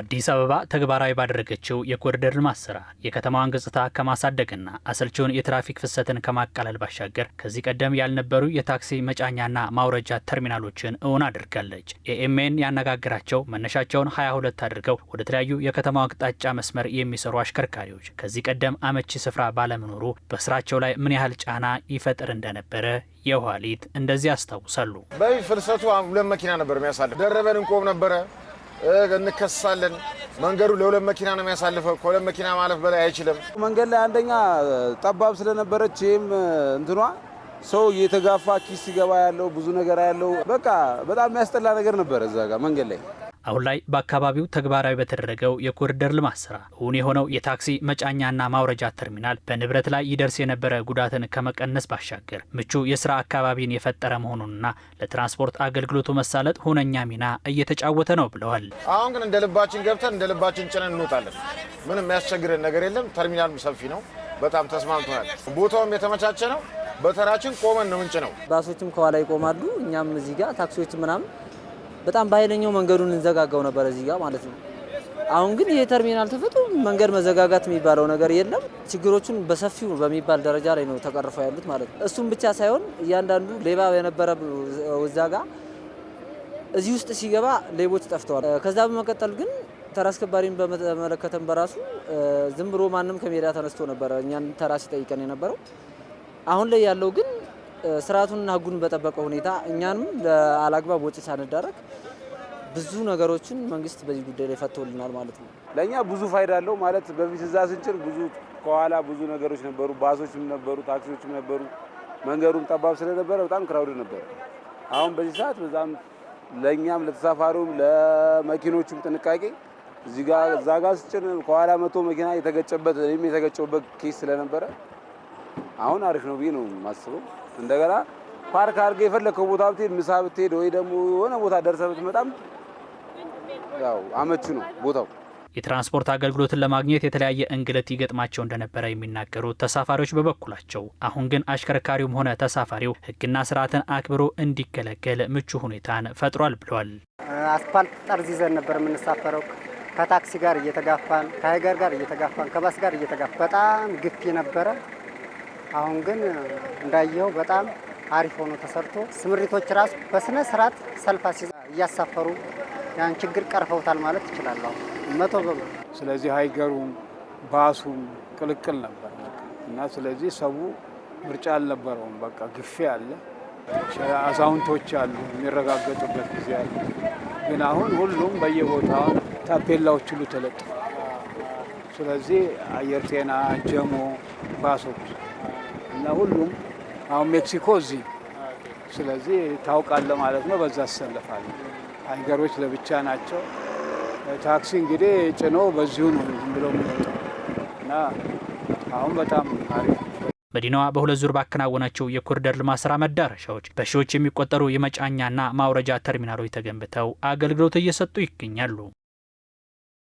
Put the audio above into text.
አዲስ አበባ ተግባራዊ ባደረገችው የኮሪደር ልማት ስራ የከተማዋን ገጽታ ከማሳደግና አሰልቺውን የትራፊክ ፍሰትን ከማቃለል ባሻገር ከዚህ ቀደም ያልነበሩ የታክሲ መጫኛና ማውረጃ ተርሚናሎችን እውን አድርጋለች። ኤኤምኤን ያነጋግራቸው መነሻቸውን 22 አድርገው ወደ ተለያዩ የከተማው አቅጣጫ መስመር የሚሰሩ አሽከርካሪዎች ከዚህ ቀደም አመቺ ስፍራ ባለመኖሩ በስራቸው ላይ ምን ያህል ጫና ይፈጥር እንደነበረ የኋሊት እንደዚህ ያስታውሳሉ። በይ ፍልሰቱ ሁለት መኪና ነበር የሚያሳልፍ ደረበን እንቆም ነበረ እንከሳለን። መንገዱ ለሁለት መኪና ነው የሚያሳልፈው። ከሁለት መኪና ማለፍ በላይ አይችልም። መንገድ ላይ አንደኛ ጠባብ ስለነበረች ይህም እንትኗ ሰው እየተጋፋ ኪስ ሲገባ ያለው ብዙ ነገር ያለው በቃ በጣም የሚያስጠላ ነገር ነበረ እዛ ጋር መንገድ ላይ አሁን ላይ በአካባቢው ተግባራዊ በተደረገው የኮሪደር ልማት ስራ እውን የሆነው የታክሲ መጫኛና ማውረጃ ተርሚናል በንብረት ላይ ይደርስ የነበረ ጉዳትን ከመቀነስ ባሻገር ምቹ የስራ አካባቢን የፈጠረ መሆኑንና ለትራንስፖርት አገልግሎቱ መሳለጥ ሁነኛ ሚና እየተጫወተ ነው ብለዋል። አሁን ግን እንደ ልባችን ገብተን እንደ ልባችን ጭነን እንወጣለን። ምንም የሚያስቸግረን ነገር የለም። ተርሚናሉ ሰፊ ነው። በጣም ተስማምቶናል። ቦታውም የተመቻቸ ነው። በተራችን ቆመን ነው ምንጭ ነው። ባሶችም ከኋላ ይቆማሉ። እኛም እዚህ ጋር ታክሲዎች ምናምን በጣም በኃይለኛው መንገዱን እንዘጋጋው ነበር እዚህ ጋር ማለት ነው። አሁን ግን ይሄ ተርሚናል ተፈቶ መንገድ መዘጋጋት የሚባለው ነገር የለም። ችግሮቹን በሰፊው በሚባል ደረጃ ላይ ነው ተቀርፈው ያሉት ማለት ነው። እሱም ብቻ ሳይሆን እያንዳንዱ ሌባ የነበረ እዛ ጋር እዚህ ውስጥ ሲገባ ሌቦች ጠፍተዋል። ከዛ በመቀጠል ግን ተራ አስከባሪን በተመለከተን በራሱ ዝም ብሎ ማንም ከሜዳ ተነስቶ ነበረ እኛን ተራ ሲጠይቀን የነበረው። አሁን ላይ ያለው ግን ስርዓቱንና ህጉን በጠበቀ ሁኔታ እኛንም ለአላግባብ ወጪ ሳንዳረግ ብዙ ነገሮችን መንግስት በዚህ ጉዳይ ላይ ፈቶልናል ማለት ነው። ለእኛ ብዙ ፋይዳ አለው ማለት በፊት እዛ ስንችል ብዙ ከኋላ ብዙ ነገሮች ነበሩ፣ ባሶችም ነበሩ፣ ታክሲዎችም ነበሩ። መንገዱም ጠባብ ስለነበረ በጣም ክራውድ ነበረ። አሁን በዚህ ሰዓት በጣም ለእኛም ለተሳፋሪውም ለመኪኖቹም ጥንቃቄ እዚህ እዛ ጋ ስጭን ከኋላ መቶ መኪና የተገጨበት እኔም የተገጨበት ኬስ ስለነበረ አሁን አሪፍ ነው ብዬ ነው የማስበው እንደገና ፓርክ አድርገ የፈለከው ቦታ ብትሄድ፣ ምሳ ብትሄድ፣ ወይ ደግሞ የሆነ ቦታ ደርሰ ብትመጣም ያው አመቹ ነው ቦታው። የትራንስፖርት አገልግሎትን ለማግኘት የተለያየ እንግልት ይገጥማቸው እንደነበረ የሚናገሩት ተሳፋሪዎች በበኩላቸው አሁን ግን አሽከርካሪውም ሆነ ተሳፋሪው ሕግና ስርዓትን አክብሮ እንዲገለገል ምቹ ሁኔታን ፈጥሯል ብሏል። አስፓልት ጠርዝ ይዘን ነበር የምንሳፈረው። ከታክሲ ጋር እየተጋፋን፣ ከሀይገር ጋር እየተጋፋን፣ ከባስ ጋር እየተጋፋ በጣም ግፊ ነበረ። አሁን ግን እንዳየው በጣም አሪፍ ሆኖ ተሰርቶ ስምሪቶች ራሱ በስነ ስርዓት ሰልፍ እያሳፈሩ ያን ችግር ቀርፈውታል ማለት ይችላለሁ። መቶ በመቶ ስለዚህ ሀይገሩም ባሱም ቅልቅል ነበር እና ስለዚህ ሰው ምርጫ አልነበረውም። በቃ ግፌ አለ፣ አዛውንቶች አሉ፣ የሚረጋገጡበት ጊዜ አለ። ግን አሁን ሁሉም በየቦታው ታፔላዎች ሁሉ ተለጥፉ። ስለዚህ አየር ጤና፣ ጀሞ፣ ባሶች እና ሁሉም አሁን ሜክሲኮ እዚህ ስለዚህ ታውቃለህ ማለት ነው። በዛ አሰለፋለ ሀገሮች ለብቻ ናቸው። ታክሲ እንግዲህ ጭኖ በዚሁ ነው ዝም ብሎ እና አሁን በጣም አሪፍ መዲናዋ በሁለት ዙር ባከናወናቸው የኮሪደር ልማት ስራ መዳረሻዎች በሺዎች የሚቆጠሩ የመጫኛና ማውረጃ ተርሚናሎች ተገንብተው አገልግሎት እየሰጡ ይገኛሉ።